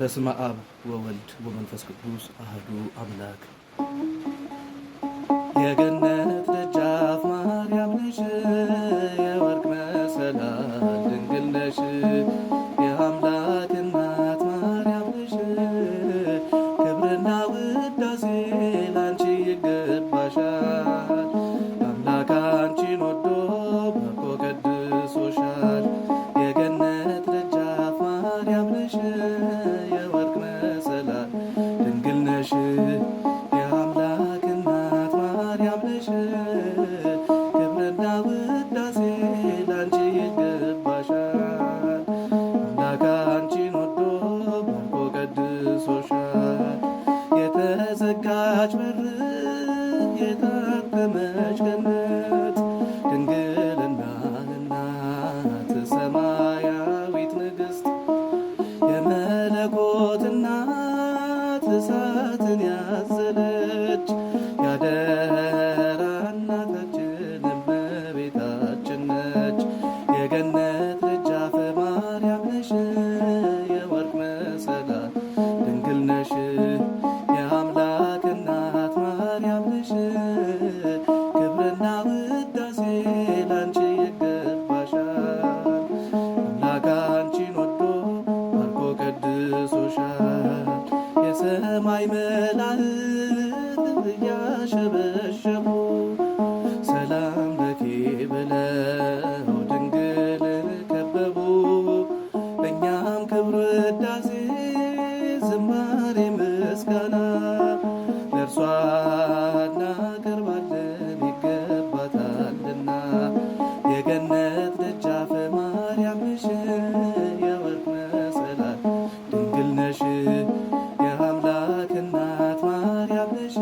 በስመ አብ ወወልድ ወመንፈስ ቅዱስ አህዱ አምላክ የገነት የአምላክ ማርያም ልሽ ውዳሴ ላንቺ ይገባሻል። አምላክ አንቺን ወዶ ባርኮ ቀድሶሻል። በር የታተመች ያለሽ ክብርና ውዳሴ ላንቺ ይገባሻል። አንቺን ወዶ ባርኮ ቀድሶሻል። የሰማይ መላእክት እያሸበሸቡ ሰላም ለኪ ብለው ድንግልን ከበቡ። እኛም ክብር ውዳሴ ዝማሬ ምስጋና ነሽና የገነት ደጃፈ ማርያም ነሽ፣ የወርቅ መሰላል ድንግል ነሽ፣ የአምላክ እናት ማርያም ነሽ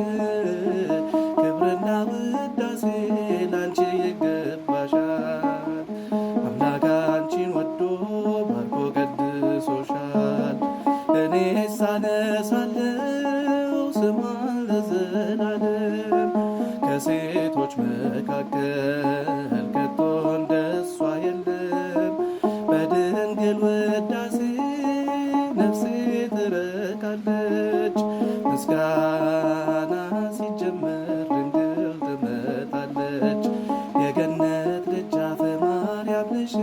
ክብርና ውዳሴ በሴቶች መካከል ከቶ እንደሷ የለም። በድንግል ውዳሴ ነፍሴ ትረካለች። ምስጋና ሲጀመር ድንግል ትመጣለች። የገነት ደጃፍ ማርያም ነሽ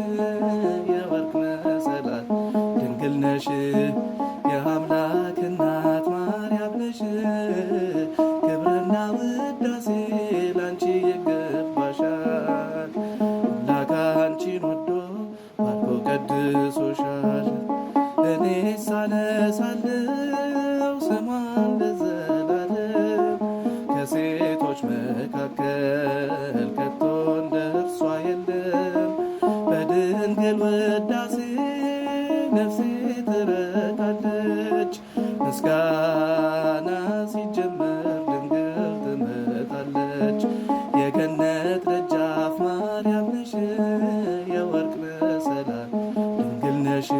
አነሳለው ስሟን ለዘላለም ከሴቶች መካከል ከቶ እንደ የለም። በድንግል ውዳሴ ነፍሴ ትረካለች። ምስጋና ሲጀመር ድንግል ትመጣለች። የገነት ደጃፍ ማርያም ነሽ፣ የወርቅ መሰላል ድንግል ነሽ።